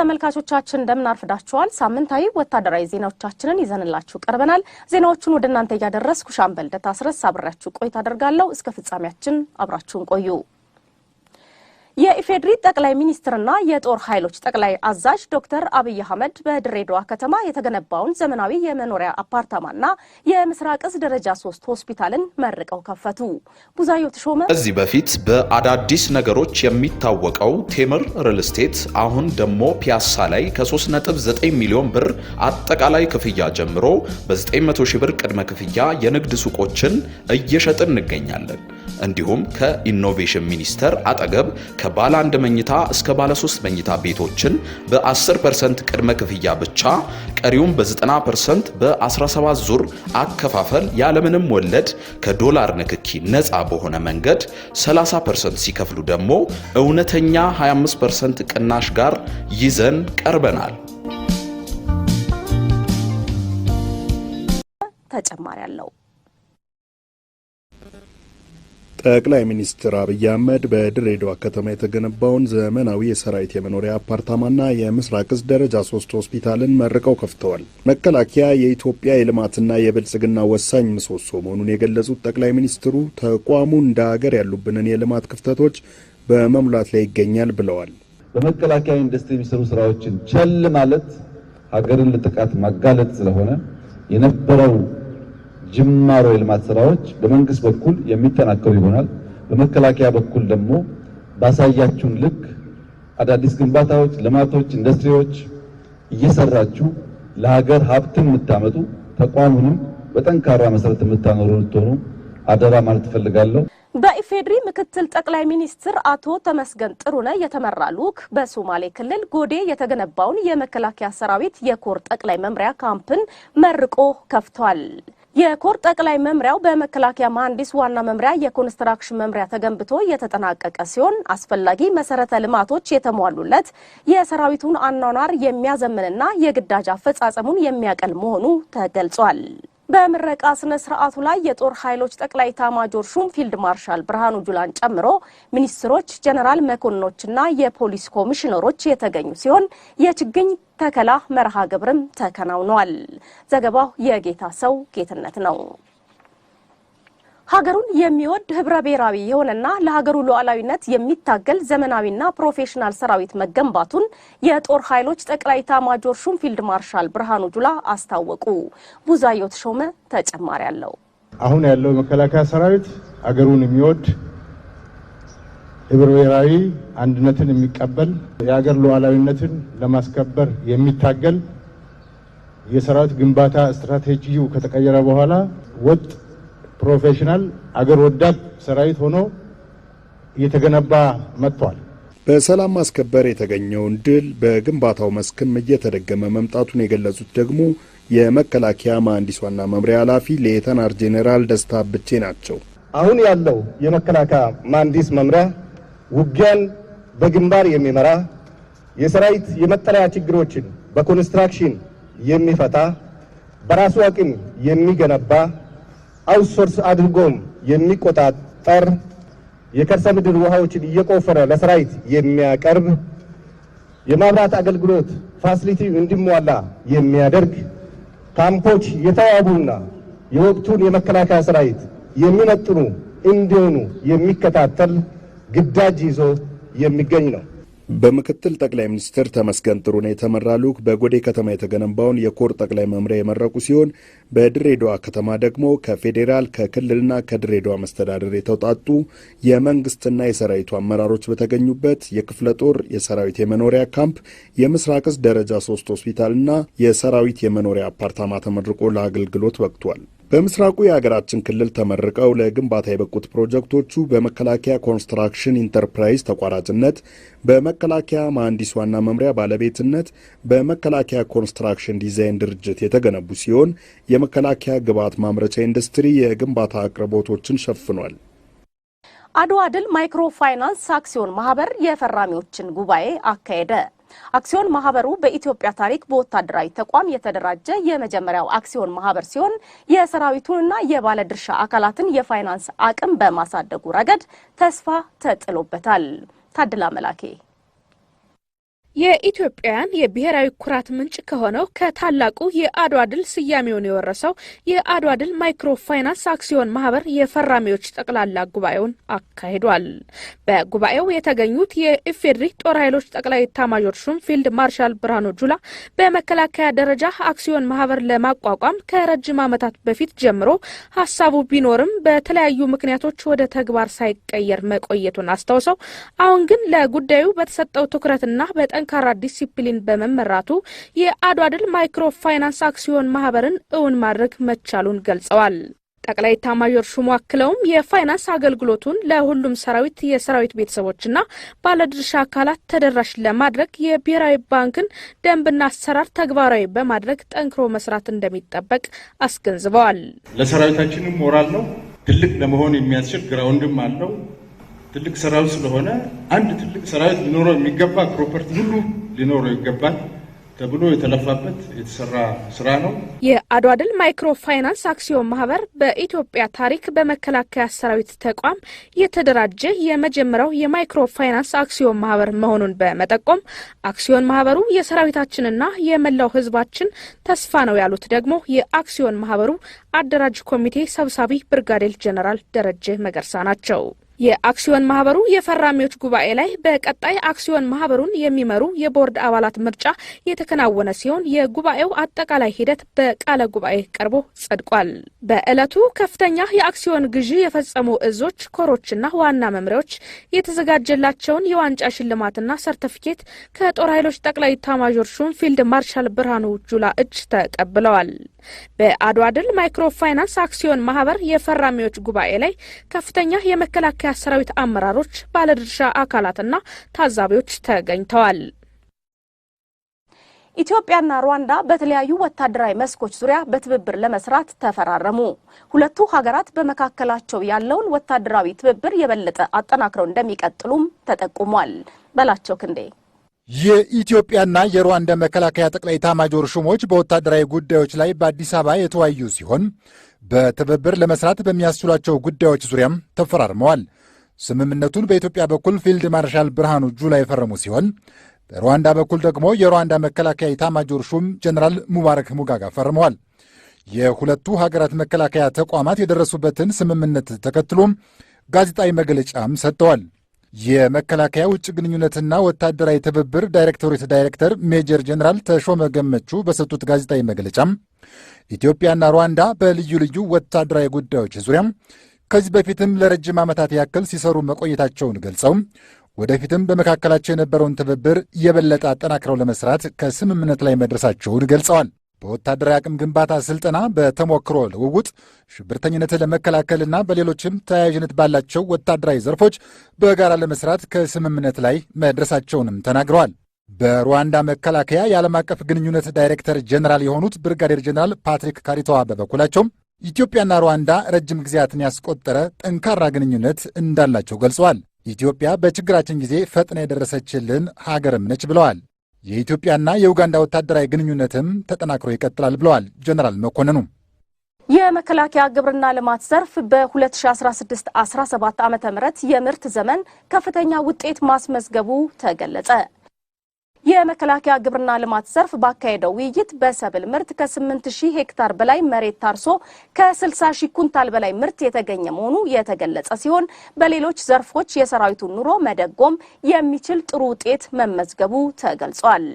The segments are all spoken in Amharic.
ተመልካቾቻችን እንደምን አርፍዳችኋል። ሳምንታዊ ወታደራዊ ዜናዎቻችንን ይዘንላችሁ ቀርበናል። ዜናዎቹን ወደ እናንተ እያደረስኩ ሻምበል ደታስረስ አስረስ አብሬያችሁ ቆይታ አደርጋለሁ። እስከ ፍጻሜያችን አብራችሁን ቆዩ። የኢፌዴሪ ጠቅላይ ሚኒስትርና የጦር ኃይሎች ጠቅላይ አዛዥ ዶክተር አብይ አህመድ በድሬዳዋ ከተማ የተገነባውን ዘመናዊ የመኖሪያ አፓርታማና የምስራቅ እዝ ደረጃ ሶስት ሆስፒታልን መርቀው ከፈቱ። ቡዛዮ ተሾመ። ከዚህ በፊት በአዳዲስ ነገሮች የሚታወቀው ቴምር ሪል ስቴት አሁን ደግሞ ፒያሳ ላይ ከ3.9 ሚሊዮን ብር አጠቃላይ ክፍያ ጀምሮ በ900 ሺህ ብር ቅድመ ክፍያ የንግድ ሱቆችን እየሸጥን እንገኛለን። እንዲሁም ከኢኖቬሽን ሚኒስቴር አጠገብ ከባለ አንድ መኝታ እስከ ባለ ሶስት መኝታ ቤቶችን በ10% ፐርሰንት ቅድመ ክፍያ ብቻ ቀሪውም በ90% በ17 ዙር አከፋፈል ያለምንም ወለድ ከዶላር ንክኪ ነፃ በሆነ መንገድ 30% ሲከፍሉ ደግሞ እውነተኛ 25% ፐርሰንት ቅናሽ ጋር ይዘን ቀርበናል። ተጨማሪ አለው። ጠቅላይ ሚኒስትር አብይ አህመድ በድሬዳዋ ከተማ የተገነባውን ዘመናዊ የሰራዊት የመኖሪያ አፓርታማና የምስራቅ እዝ ደረጃ ሶስት ሆስፒታልን መርቀው ከፍተዋል። መከላከያ የኢትዮጵያ የልማትና የብልጽግና ወሳኝ ምሰሶ መሆኑን የገለጹት ጠቅላይ ሚኒስትሩ ተቋሙ እንደ ሀገር ያሉብንን የልማት ክፍተቶች በመሙላት ላይ ይገኛል ብለዋል። በመከላከያ ኢንዱስትሪ የሚሰሩ ስራዎችን ቸል ማለት ሀገርን ለጥቃት ማጋለጥ ስለሆነ የነበረው ጅማሮ የልማት ስራዎች በመንግስት በኩል የሚጠናከሩ ይሆናል። በመከላከያ በኩል ደግሞ ባሳያችሁን ልክ አዳዲስ ግንባታዎች፣ ልማቶች፣ ኢንዱስትሪዎች እየሰራችሁ ለሀገር ሀብትን የምታመጡ ተቋሙንም በጠንካራ መሰረት የምታኖሩ ልትሆኑ አደራ ማለት እፈልጋለሁ። በኢፌዴሪ ምክትል ጠቅላይ ሚኒስትር አቶ ተመስገን ጥሩነ የተመራ ልዑክ በሶማሌ ክልል ጎዴ የተገነባውን የመከላከያ ሰራዊት የኮር ጠቅላይ መምሪያ ካምፕን መርቆ ከፍቷል። የኮር ጠቅላይ መምሪያው በመከላከያ መሐንዲስ ዋና መምሪያ የኮንስትራክሽን መምሪያ ተገንብቶ የተጠናቀቀ ሲሆን አስፈላጊ መሰረተ ልማቶች የተሟሉለት የሰራዊቱን አኗኗር የሚያዘምንና የግዳጅ አፈጻጸሙን የሚያቀል መሆኑ ተገልጿል። በምረቃ ስነ ስርዓቱ ላይ የጦር ኃይሎች ጠቅላይ ታማጆር ሹም ፊልድ ማርሻል ብርሃኑ ጁላን ጨምሮ ሚኒስትሮች፣ ጀነራል መኮንኖችና የፖሊስ ኮሚሽነሮች የተገኙ ሲሆን የችግኝ ተከላ መርሃ ግብርም ተከናውኗል። ዘገባው የጌታ ሰው ጌትነት ነው። ሀገሩን የሚወድ ህብረ ብሔራዊ የሆነና ለሀገሩ ሉዓላዊነት የሚታገል ዘመናዊና ፕሮፌሽናል ሰራዊት መገንባቱን የጦር ኃይሎች ጠቅላይ ኤታማዦር ሹም ፊልድ ማርሻል ብርሃኑ ጁላ አስታወቁ። ቡዛዮ ሾመ ተጨማሪ አለው። አሁን ያለው የመከላከያ ሰራዊት ሀገሩን የሚወድ ህብረ ብሔራዊ አንድነትን የሚቀበል የሀገር ሉዓላዊነትን ለማስከበር የሚታገል የሰራዊት ግንባታ ስትራቴጂው ከተቀየረ በኋላ ወጥ ፕሮፌሽናል አገር ወዳድ ሰራዊት ሆኖ እየተገነባ መጥቷል። በሰላም ማስከበር የተገኘውን ድል በግንባታው መስክም እየተደገመ መምጣቱን የገለጹት ደግሞ የመከላከያ መሐንዲስ ዋና መምሪያ ኃላፊ ሌተናር ጄኔራል ደስታ ብቼ ናቸው። አሁን ያለው የመከላከያ መሐንዲስ መምሪያ ውጊያን በግንባር የሚመራ የሰራዊት የመጠለያ ችግሮችን በኮንስትራክሽን የሚፈታ በራሱ አቅም የሚገነባ አውትሶርስ አድርጎም የሚቆጣጠር የከርሰ ምድር ውሃዎችን እየቆፈረ ለሰራዊት የሚያቀርብ የማብራት አገልግሎት ፋሲሊቲ እንዲሟላ የሚያደርግ ካምፖች የተዋቡና የወቅቱን የመከላከያ ሰራዊት የሚመጥኑ እንዲሆኑ የሚከታተል ግዳጅ ይዞ የሚገኝ ነው። በምክትል ጠቅላይ ሚኒስትር ተመስገን ጥሩነህ የተመራ ልዑክ በጎዴ ከተማ የተገነባውን የኮር ጠቅላይ መምሪያ የመረቁ ሲሆን በድሬዳዋ ከተማ ደግሞ ከፌዴራል ከክልልና ከድሬዳዋ መስተዳደር የተውጣጡ የመንግስትና የሰራዊቱ አመራሮች በተገኙበት የክፍለ ጦር የሰራዊት የመኖሪያ ካምፕ የምስራቅ እዝ ደረጃ ሶስት ሆስፒታልና የሰራዊት የመኖሪያ አፓርታማ ተመርቆ ለአገልግሎት በቅቷል። በምስራቁ የሀገራችን ክልል ተመርቀው ለግንባታ የበቁት ፕሮጀክቶቹ በመከላከያ ኮንስትራክሽን ኢንተርፕራይዝ ተቋራጭነት፣ በመከላከያ መሐንዲስ ዋና መምሪያ ባለቤትነት በመከላከያ ኮንስትራክሽን ዲዛይን ድርጅት የተገነቡ ሲሆን የመከላከያ ግብዓት ማምረቻ ኢንዱስትሪ የግንባታ አቅርቦቶችን ሸፍኗል። አድዋ ድል ማይክሮ ፋይናንስ አክሲዮን ማህበር የፈራሚዎችን ጉባኤ አካሄደ። አክሲዮን ማህበሩ በኢትዮጵያ ታሪክ በወታደራዊ ተቋም የተደራጀ የመጀመሪያው አክሲዮን ማህበር ሲሆን የሰራዊቱንና የባለድርሻ አካላትን የፋይናንስ አቅም በማሳደጉ ረገድ ተስፋ ተጥሎበታል። ታድላ መላኬ የኢትዮጵያውያን የብሔራዊ ኩራት ምንጭ ከሆነው ከታላቁ የአድዋ ድል ስያሜውን የወረሰው የአድዋ ድል ማይክሮ ፋይናንስ አክሲዮን ማህበር የፈራሚዎች ጠቅላላ ጉባኤውን አካሂዷል። በጉባኤው የተገኙት የኢፌዴሪ ጦር ኃይሎች ጠቅላይ ኤታማዦር ሹም ፊልድ ማርሻል ብርሃኑ ጁላ በመከላከያ ደረጃ አክሲዮን ማህበር ለማቋቋም ከረጅም ዓመታት በፊት ጀምሮ ሀሳቡ ቢኖርም በተለያዩ ምክንያቶች ወደ ተግባር ሳይቀየር መቆየቱን አስታውሰው አሁን ግን ለጉዳዩ በተሰጠው ትኩረትና በጠ ጠንካራ ዲሲፕሊን በመመራቱ የአድዋ ድል ማይክሮ ፋይናንስ አክሲዮን ማህበርን እውን ማድረግ መቻሉን ገልጸዋል። ጠቅላይ ኤታማዦር ሹሙ አክለውም የፋይናንስ አገልግሎቱን ለሁሉም ሰራዊት፣ የሰራዊት ቤተሰቦችና ባለድርሻ አካላት ተደራሽ ለማድረግ የብሔራዊ ባንክን ደንብና አሰራር ተግባራዊ በማድረግ ጠንክሮ መስራት እንደሚጠበቅ አስገንዝበዋል። ለሰራዊታችንም ሞራል ነው፣ ትልቅ ለመሆን የሚያስችል ግራውንድም አለው። ትልቅ ሰራዊት ስለሆነ አንድ ትልቅ ሰራዊት ሊኖረው የሚገባ ፕሮፐርቲ ሁሉ ሊኖረው ይገባል ተብሎ የተለፋበት የተሰራ ስራ ነው። የአድዋ ድል ማይክሮ ፋይናንስ አክሲዮን ማህበር በኢትዮጵያ ታሪክ በመከላከያ ሰራዊት ተቋም የተደራጀ የመጀመሪያው የማይክሮ ፋይናንስ አክሲዮን ማህበር መሆኑን በመጠቆም አክሲዮን ማህበሩ የሰራዊታችንና የመላው ሕዝባችን ተስፋ ነው ያሉት ደግሞ የአክሲዮን ማህበሩ አደራጅ ኮሚቴ ሰብሳቢ ብርጋዴር ጄኔራል ደረጀ መገርሳ ናቸው። የአክሲዮን ማህበሩ የፈራሚዎች ጉባኤ ላይ በቀጣይ አክሲዮን ማህበሩን የሚመሩ የቦርድ አባላት ምርጫ የተከናወነ ሲሆን የጉባኤው አጠቃላይ ሂደት በቃለ ጉባኤ ቀርቦ ጸድቋል። በዕለቱ ከፍተኛ የአክሲዮን ግዢ የፈጸሙ እዞች፣ ኮሮችና ዋና መምሪያዎች የተዘጋጀላቸውን የዋንጫ ሽልማትና ሰርተፊኬት ከጦር ኃይሎች ጠቅላይ ኤታማዦር ሹም ፊልድ ማርሻል ብርሃኑ ጁላ እጅ ተቀብለዋል። በአድዋ ድል ማይክሮ ፋይናንስ አክሲዮን ማህበር የፈራሚዎች ጉባኤ ላይ ከፍተኛ የመከላከያ የመከላከያ ሰራዊት አመራሮች፣ ባለድርሻ አካላትና ታዛቢዎች ተገኝተዋል። ኢትዮጵያና ሩዋንዳ በተለያዩ ወታደራዊ መስኮች ዙሪያ በትብብር ለመስራት ተፈራረሙ። ሁለቱ ሀገራት በመካከላቸው ያለውን ወታደራዊ ትብብር የበለጠ አጠናክረው እንደሚቀጥሉም ተጠቁሟል። በላቸው ክንዴ የኢትዮጵያና የሩዋንዳ መከላከያ ጠቅላይ ኤታማዦር ሹሞች በወታደራዊ ጉዳዮች ላይ በአዲስ አበባ የተወያዩ ሲሆን በትብብር ለመስራት በሚያስችሏቸው ጉዳዮች ዙሪያም ተፈራርመዋል። ስምምነቱን በኢትዮጵያ በኩል ፊልድ ማርሻል ብርሃኑ ጁላ የፈረሙ ሲሆን በሩዋንዳ በኩል ደግሞ የሩዋንዳ መከላከያ ኢታማጆር ሹም ጀኔራል ሙባረክ ሙጋጋ ፈርመዋል። የሁለቱ ሀገራት መከላከያ ተቋማት የደረሱበትን ስምምነት ተከትሎም ጋዜጣዊ መግለጫም ሰጥተዋል። የመከላከያ ውጭ ግንኙነትና ወታደራዊ ትብብር ዳይሬክቶሬት ዳይሬክተር ሜጀር ጀኔራል ተሾመ ገመቹ በሰጡት ጋዜጣዊ መግለጫም ኢትዮጵያና ሩዋንዳ በልዩ ልዩ ወታደራዊ ጉዳዮች ዙሪያም ከዚህ በፊትም ለረጅም ዓመታት ያክል ሲሰሩ መቆየታቸውን ገልጸው ወደፊትም በመካከላቸው የነበረውን ትብብር የበለጠ አጠናክረው ለመስራት ከስምምነት ላይ መድረሳቸውን ገልጸዋል። በወታደራዊ አቅም ግንባታ ስልጠና፣ በተሞክሮ ልውውጥ፣ ሽብርተኝነትን ለመከላከልና በሌሎችም ተያያዥነት ባላቸው ወታደራዊ ዘርፎች በጋራ ለመስራት ከስምምነት ላይ መድረሳቸውንም ተናግረዋል። በሩዋንዳ መከላከያ የዓለም አቀፍ ግንኙነት ዳይሬክተር ጀኔራል የሆኑት ብርጋዴር ጀኔራል ፓትሪክ ካሪታዋ በበኩላቸውም ኢትዮጵያና ሩዋንዳ ረጅም ጊዜያትን ያስቆጠረ ጠንካራ ግንኙነት እንዳላቸው ገልጸዋል። ኢትዮጵያ በችግራችን ጊዜ ፈጥና የደረሰችልን ሀገርም ነች ብለዋል። የኢትዮጵያና የኡጋንዳ ወታደራዊ ግንኙነትም ተጠናክሮ ይቀጥላል ብለዋል ጀነራል መኮንኑ። የመከላከያ ግብርና ልማት ዘርፍ በ2016-17 ዓ.ም የምርት ዘመን ከፍተኛ ውጤት ማስመዝገቡ ተገለጸ። የመከላከያ ግብርና ልማት ዘርፍ ባካሄደው ውይይት በሰብል ምርት ከ 8000 ሄክታር በላይ መሬት ታርሶ ከ60 ሺህ ኩንታል በላይ ምርት የተገኘ መሆኑ የተገለጸ ሲሆን በሌሎች ዘርፎች የሰራዊቱን ኑሮ መደጎም የሚችል ጥሩ ውጤት መመዝገቡ ተገልጿል።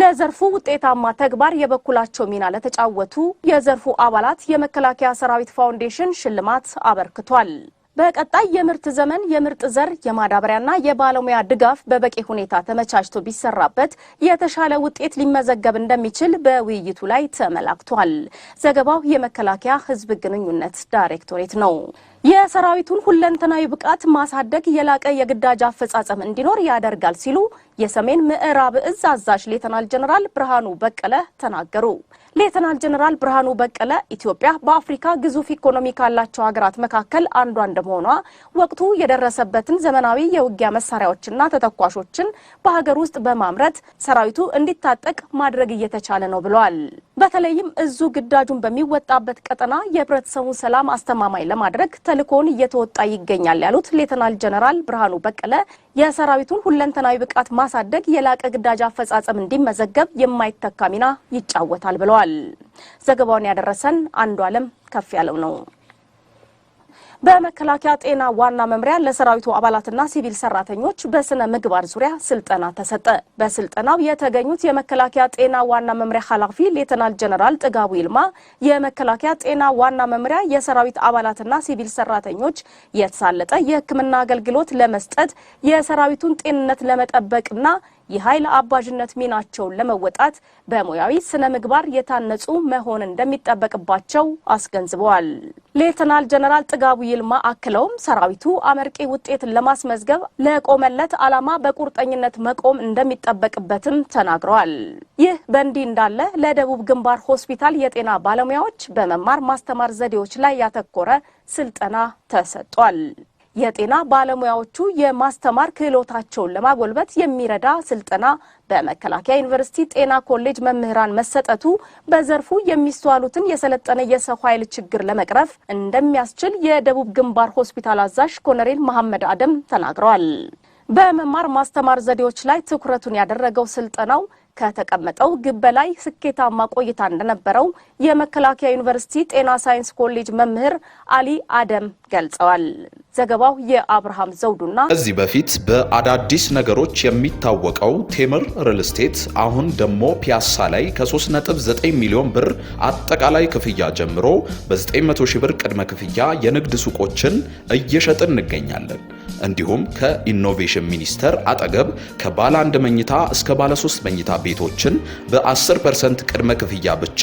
ለዘርፉ ውጤታማ ተግባር የበኩላቸው ሚና ለተጫወቱ የዘርፉ አባላት የመከላከያ ሰራዊት ፋውንዴሽን ሽልማት አበርክቷል። በቀጣይ የምርት ዘመን የምርጥ ዘር የማዳበሪያና የባለሙያ ድጋፍ በበቂ ሁኔታ ተመቻችቶ ቢሰራበት የተሻለ ውጤት ሊመዘገብ እንደሚችል በውይይቱ ላይ ተመላክቷል። ዘገባው የመከላከያ ሕዝብ ግንኙነት ዳይሬክቶሬት ነው። የሰራዊቱን ሁለንተናዊ ብቃት ማሳደግ የላቀ የግዳጅ አፈጻጸም እንዲኖር ያደርጋል ሲሉ የሰሜን ምዕራብ እዝ አዛዥ ሌተናል ጀነራል ብርሃኑ በቀለ ተናገሩ። ሌተናል ጀነራል ብርሃኑ በቀለ ኢትዮጵያ በአፍሪካ ግዙፍ ኢኮኖሚ ካላቸው ሀገራት መካከል አንዷ እንደመሆኗ ወቅቱ የደረሰበትን ዘመናዊ የውጊያ መሳሪያዎችና ተተኳሾችን በሀገር ውስጥ በማምረት ሰራዊቱ እንዲታጠቅ ማድረግ እየተቻለ ነው ብለዋል። በተለይም እዙ ግዳጁን በሚወጣበት ቀጠና የህብረተሰቡን ሰላም አስተማማኝ ለማድረግ ተልእኮውን እየተወጣ ይገኛል ያሉት ሌተናል ጀነራል ብርሃኑ በቀለ የሰራዊቱን ሁለንተናዊ ብቃት ማሳደግ፣ የላቀ ግዳጅ አፈጻጸም እንዲመዘገብ የማይተካ ሚና ይጫወታል ብለዋል። ዘገባውን ያደረሰን አንዱ አለም ከፍ ያለው ነው። በመከላከያ ጤና ዋና መምሪያ ለሰራዊቱ አባላትና ሲቪል ሰራተኞች በስነ ምግባር ዙሪያ ስልጠና ተሰጠ። በስልጠናው የተገኙት የመከላከያ ጤና ዋና መምሪያ ኃላፊ ሌተናል ጀነራል ጥጋቡ ይልማ የመከላከያ ጤና ዋና መምሪያ የሰራዊት አባላትና ሲቪል ሰራተኞች የተሳለጠ የሕክምና አገልግሎት ለመስጠት የሰራዊቱን ጤንነት ለመጠበቅና የኃይል አባዥነት ሚናቸውን ለመወጣት በሙያዊ ስነ ምግባር የታነጹ መሆን እንደሚጠበቅባቸው አስገንዝበዋል። ሌተናል ጀነራል ጥጋቡ ይልማ አክለውም ሰራዊቱ አመርቂ ውጤትን ለማስመዝገብ ለቆመለት ዓላማ በቁርጠኝነት መቆም እንደሚጠበቅበትም ተናግረዋል። ይህ በእንዲህ እንዳለ ለደቡብ ግንባር ሆስፒታል የጤና ባለሙያዎች በመማር ማስተማር ዘዴዎች ላይ ያተኮረ ስልጠና ተሰጥቷል። የጤና ባለሙያዎቹ የማስተማር ክህሎታቸውን ለማጎልበት የሚረዳ ስልጠና በመከላከያ ዩኒቨርሲቲ ጤና ኮሌጅ መምህራን መሰጠቱ በዘርፉ የሚስተዋሉትን የሰለጠነ የሰው ኃይል ችግር ለመቅረፍ እንደሚያስችል የደቡብ ግንባር ሆስፒታል አዛዥ ኮሎኔል መሐመድ አደም ተናግረዋል። በመማር ማስተማር ዘዴዎች ላይ ትኩረቱን ያደረገው ስልጠናው ከተቀመጠው ግብ በላይ ስኬታማ ቆይታ እንደነበረው የመከላከያ ዩኒቨርሲቲ ጤና ሳይንስ ኮሌጅ መምህር አሊ አደም ገልጸዋል። ዘገባው የአብርሃም ዘውዱና። ከዚህ በፊት በአዳዲስ ነገሮች የሚታወቀው ቴምር ሪል ስቴት አሁን ደግሞ ፒያሳ ላይ ከ3.9 ሚሊዮን ብር አጠቃላይ ክፍያ ጀምሮ በ900 ሺህ ብር ቅድመ ክፍያ የንግድ ሱቆችን እየሸጥን እንገኛለን። እንዲሁም ከኢኖቬሽን ሚኒስቴር አጠገብ ከባለ አንድ መኝታ እስከ ባለ ሶስት መኝታ ቤቶችን በ10% ፐርሰንት ቅድመ ክፍያ ብቻ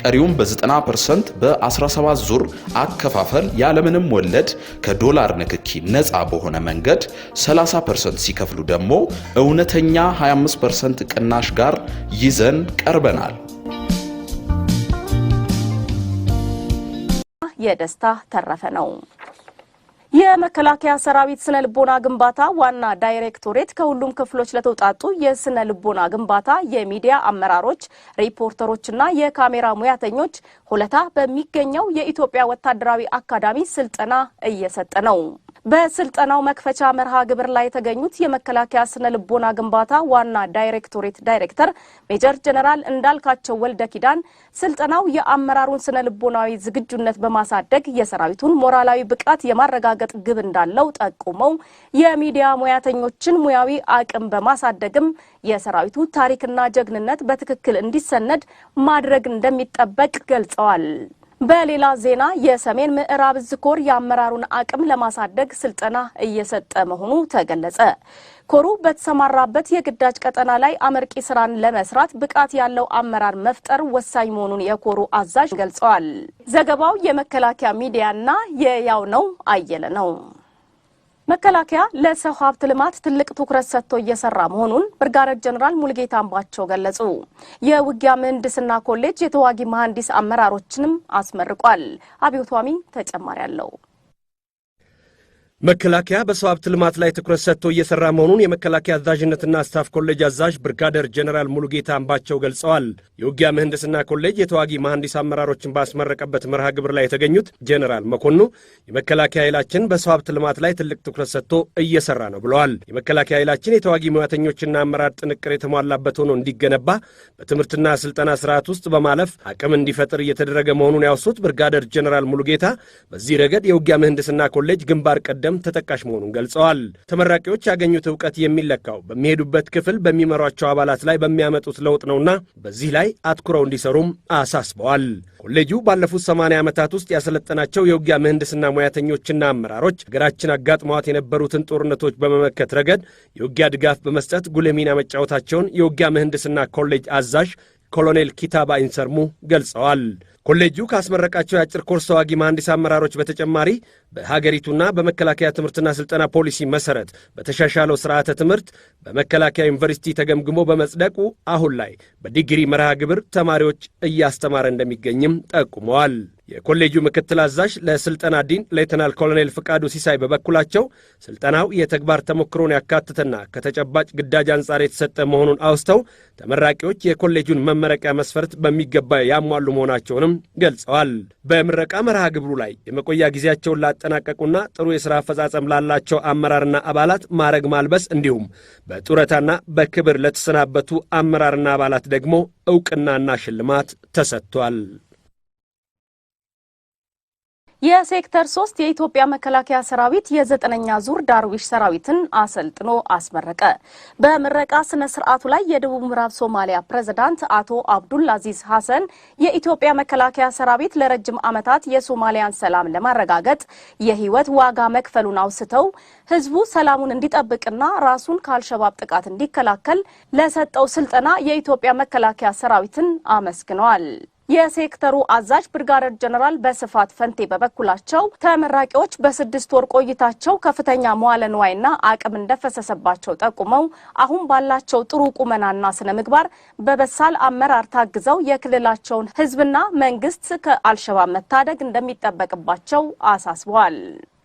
ቀሪውም በ90% በ17 ዙር አከፋፈል ያለምንም ወለድ ከዶላር ንክኪ ነፃ በሆነ መንገድ 30% ፐርሰንት ሲከፍሉ ደግሞ እውነተኛ 25% ፐርሰንት ቅናሽ ጋር ይዘን ቀርበናል። የደስታ ተረፈ ነው። የመከላከያ ሰራዊት ስነ ልቦና ግንባታ ዋና ዳይሬክቶሬት ከሁሉም ክፍሎች ለተውጣጡ የስነ ልቦና ግንባታ የሚዲያ አመራሮች፣ ሪፖርተሮችና የካሜራ ሙያተኞች ሆለታ በሚገኘው የኢትዮጵያ ወታደራዊ አካዳሚ ስልጠና እየሰጠ ነው። በስልጠናው መክፈቻ መርሃ ግብር ላይ የተገኙት የመከላከያ ስነ ልቦና ግንባታ ዋና ዳይሬክቶሬት ዳይሬክተር ሜጀር ጀነራል እንዳልካቸው ወልደ ኪዳን ስልጠናው የአመራሩን ስነ ልቦናዊ ዝግጁነት በማሳደግ የሰራዊቱን ሞራላዊ ብቃት የማረጋገጥ ግብ እንዳለው ጠቁመው የሚዲያ ሙያተኞችን ሙያዊ አቅም በማሳደግም የሰራዊቱ ታሪክና ጀግንነት በትክክል እንዲሰነድ ማድረግ እንደሚጠበቅ ገልጸዋል። በሌላ ዜና የሰሜን ምዕራብ ዕዝ ኮር የአመራሩን አቅም ለማሳደግ ስልጠና እየሰጠ መሆኑ ተገለጸ። ኮሩ በተሰማራበት የግዳጅ ቀጠና ላይ አመርቂ ስራን ለመስራት ብቃት ያለው አመራር መፍጠር ወሳኝ መሆኑን የኮሩ አዛዥ ገልጸዋል። ዘገባው የመከላከያ ሚዲያና የያው ነው አየለ ነው። መከላከያ ለሰው ሀብት ልማት ትልቅ ትኩረት ሰጥቶ እየሰራ መሆኑን ብርጋዴር ጀኔራል ሙልጌታ አምባቸው ገለጹ። የውጊያ ምህንድስና ኮሌጅ የተዋጊ መሐንዲስ አመራሮችንም አስመርቋል። አብዮቷሚ ተጨማሪ አለው። መከላከያ በሰው ሀብት ልማት ላይ ትኩረት ሰጥቶ እየሰራ መሆኑን የመከላከያ አዛዥነትና ስታፍ ኮሌጅ አዛዥ ብርጋደር ጀኔራል ሙሉጌታ አምባቸው ገልጸዋል። የውጊያ ምህንድስና ኮሌጅ የተዋጊ መሐንዲስ አመራሮችን ባስመረቀበት መርሃ ግብር ላይ የተገኙት ጀኔራል መኮኑ የመከላከያ ኃይላችን በሰው ሀብት ልማት ላይ ትልቅ ትኩረት ሰጥቶ እየሰራ ነው ብለዋል። የመከላከያ ኃይላችን የተዋጊ ሙያተኞችና አመራር ጥንቅር የተሟላበት ሆኖ እንዲገነባ በትምህርትና ስልጠና ስርዓት ውስጥ በማለፍ አቅም እንዲፈጥር እየተደረገ መሆኑን ያወሱት ብርጋደር ጀኔራል ሙሉጌታ በዚህ ረገድ የውጊያ ምህንድስና ኮሌጅ ግንባር ቀደም ዓለም ተጠቃሽ መሆኑን ገልጸዋል። ተመራቂዎች ያገኙት እውቀት የሚለካው በሚሄዱበት ክፍል በሚመሯቸው አባላት ላይ በሚያመጡት ለውጥ ነውና በዚህ ላይ አትኩረው እንዲሰሩም አሳስበዋል። ኮሌጁ ባለፉት 80 ዓመታት ውስጥ ያሰለጠናቸው የውጊያ ምህንድስና ሙያተኞችና አመራሮች ሀገራችን አጋጥመዋት የነበሩትን ጦርነቶች በመመከት ረገድ የውጊያ ድጋፍ በመስጠት ጉልህ ሚና መጫወታቸውን የውጊያ ምህንድስና ኮሌጅ አዛዥ ኮሎኔል ኪታባ ኢንሰርሙ ገልጸዋል። ኮሌጁ ካስመረቃቸው የአጭር ኮርስ ተዋጊ መሐንዲስ አመራሮች በተጨማሪ በሀገሪቱና በመከላከያ ትምህርትና ስልጠና ፖሊሲ መሰረት በተሻሻለው ስርዓተ ትምህርት በመከላከያ ዩኒቨርሲቲ ተገምግሞ በመጽደቁ አሁን ላይ በዲግሪ መርሃ ግብር ተማሪዎች እያስተማረ እንደሚገኝም ጠቁመዋል። የኮሌጁ ምክትል አዛዥ ለስልጠና ዲን ሌተናል ኮሎኔል ፍቃዱ ሲሳይ በበኩላቸው ስልጠናው የተግባር ተሞክሮን ያካትተና ከተጨባጭ ግዳጅ አንጻር የተሰጠ መሆኑን አውስተው ተመራቂዎች የኮሌጁን መመረቂያ መስፈርት በሚገባ ያሟሉ መሆናቸውንም ገልጸዋል። በምረቃ መርሃ ግብሩ ላይ የመቆያ ጊዜያቸውን ላጠናቀቁና ጥሩ የሥራ አፈጻጸም ላላቸው አመራርና አባላት ማዕረግ ማልበስ እንዲሁም በጡረታና በክብር ለተሰናበቱ አመራርና አባላት ደግሞ ዕውቅናና ሽልማት ተሰጥቷል። የሴክተር ሶስት የኢትዮጵያ መከላከያ ሰራዊት የዘጠነኛ ዙር ዳርዊሽ ሰራዊትን አሰልጥኖ አስመረቀ። በምረቃ ስነ ስርዓቱ ላይ የደቡብ ምዕራብ ሶማሊያ ፕሬዝዳንት አቶ አብዱል አዚዝ ሐሰን የኢትዮጵያ መከላከያ ሰራዊት ለረጅም ዓመታት የሶማሊያን ሰላም ለማረጋገጥ የህይወት ዋጋ መክፈሉን አውስተው ህዝቡ ሰላሙን እንዲጠብቅና ራሱን ከአልሸባብ ጥቃት እንዲከላከል ለሰጠው ስልጠና የኢትዮጵያ መከላከያ ሰራዊትን አመስግነዋል። የሴክተሩ አዛዥ ብርጋደር ጀነራል በስፋት ፈንቴ በበኩላቸው ተመራቂዎች በስድስት ወር ቆይታቸው ከፍተኛ መዋለ ንዋይና አቅም እንደፈሰሰባቸው ጠቁመው አሁን ባላቸው ጥሩ ቁመናና ስነ ምግባር በበሳል አመራር ታግዘው የክልላቸውን ሕዝብና መንግስት ከአልሸባብ መታደግ እንደሚጠበቅባቸው አሳስበዋል።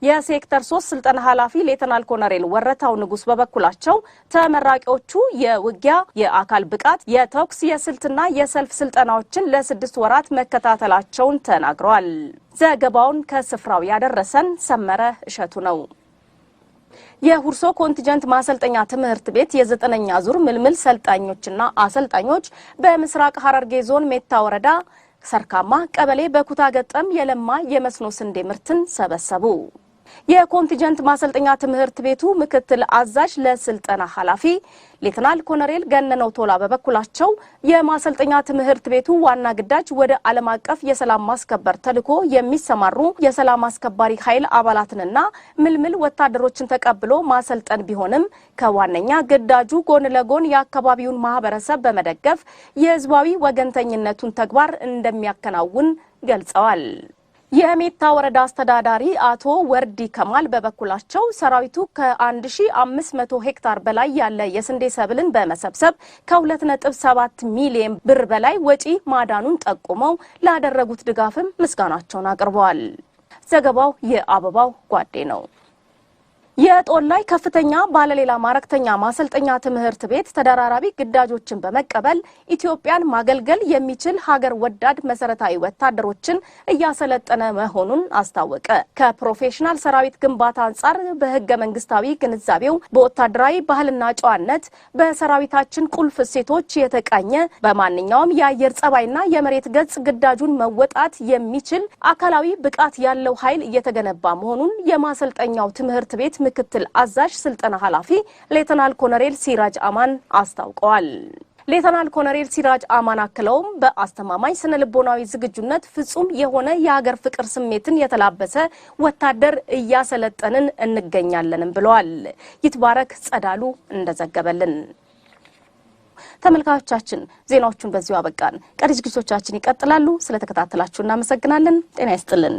የሴክተር ሶስት ስልጠና ኃላፊ ሌተናል ኮሎኔል ወረታው ንጉስ በበኩላቸው ተመራቂዎቹ የውጊያ፣ የአካል ብቃት፣ የተኩስ፣ የስልትና የሰልፍ ስልጠናዎችን ለስድስት ወራት መከታተላቸውን ተናግረዋል። ዘገባውን ከስፍራው ያደረሰን ሰመረ እሸቱ ነው። የሁርሶ ኮንቲጀንት ማሰልጠኛ ትምህርት ቤት የዘጠነኛ ዙር ምልምል ሰልጣኞችና አሰልጣኞች በምስራቅ ሐረርጌ ዞን ሜታ ወረዳ ሰርካማ ቀበሌ በኩታ ገጠም የለማ የመስኖ ስንዴ ምርትን ሰበሰቡ። የኮንቲጀንት ማሰልጠኛ ትምህርት ቤቱ ምክትል አዛዥ ለስልጠና ኃላፊ ሌትናል ኮሎኔል ገነነው ቶላ በበኩላቸው የማሰልጠኛ ትምህርት ቤቱ ዋና ግዳጅ ወደ ዓለም አቀፍ የሰላም ማስከበር ተልዕኮ የሚሰማሩ የሰላም አስከባሪ ኃይል አባላትንና ምልምል ወታደሮችን ተቀብሎ ማሰልጠን ቢሆንም ከዋነኛ ግዳጁ ጎን ለጎን የአካባቢውን ማህበረሰብ በመደገፍ የህዝባዊ ወገንተኝነቱን ተግባር እንደሚያከናውን ገልጸዋል። የሜታ ወረዳ አስተዳዳሪ አቶ ወርዲ ከማል በበኩላቸው ሰራዊቱ ከ1500 ሄክታር በላይ ያለ የስንዴ ሰብልን በመሰብሰብ ከ2.7 ሚሊዮን ብር በላይ ወጪ ማዳኑን ጠቁመው ላደረጉት ድጋፍም ምስጋናቸውን አቅርበዋል። ዘገባው የአበባው ጓዴ ነው። የጦላይ ከፍተኛ ባለሌላ ማረክተኛ ማሰልጠኛ ትምህርት ቤት ተደራራቢ ግዳጆችን በመቀበል ኢትዮጵያን ማገልገል የሚችል ሀገር ወዳድ መሰረታዊ ወታደሮችን እያሰለጠነ መሆኑን አስታወቀ። ከፕሮፌሽናል ሰራዊት ግንባታ አንጻር በህገ መንግስታዊ ግንዛቤው፣ በወታደራዊ ባህልና ጨዋነት፣ በሰራዊታችን ቁልፍ እሴቶች የተቃኘ በማንኛውም የአየር ጸባይና የመሬት ገጽ ግዳጁን መወጣት የሚችል አካላዊ ብቃት ያለው ኃይል እየተገነባ መሆኑን የማሰልጠኛው ትምህርት ቤት ምክትል አዛዥ ስልጠና ኃላፊ ሌተናል ኮሎኔል ሲራጅ አማን አስታውቀዋል። ሌተናል ኮሎኔል ሲራጅ አማን አክለውም በአስተማማኝ ስነ ልቦናዊ ዝግጁነት ፍጹም የሆነ የሀገር ፍቅር ስሜትን የተላበሰ ወታደር እያሰለጠንን እንገኛለንም ብለዋል። ይትባረክ ጸዳሉ እንደዘገበልን። ተመልካቾቻችን ዜናዎቹን በዚሁ አበቃን። ቀሪ ዝግጅቶቻችን ይቀጥላሉ። ስለተከታተላችሁ እናመሰግናለን። ጤና ይስጥልን።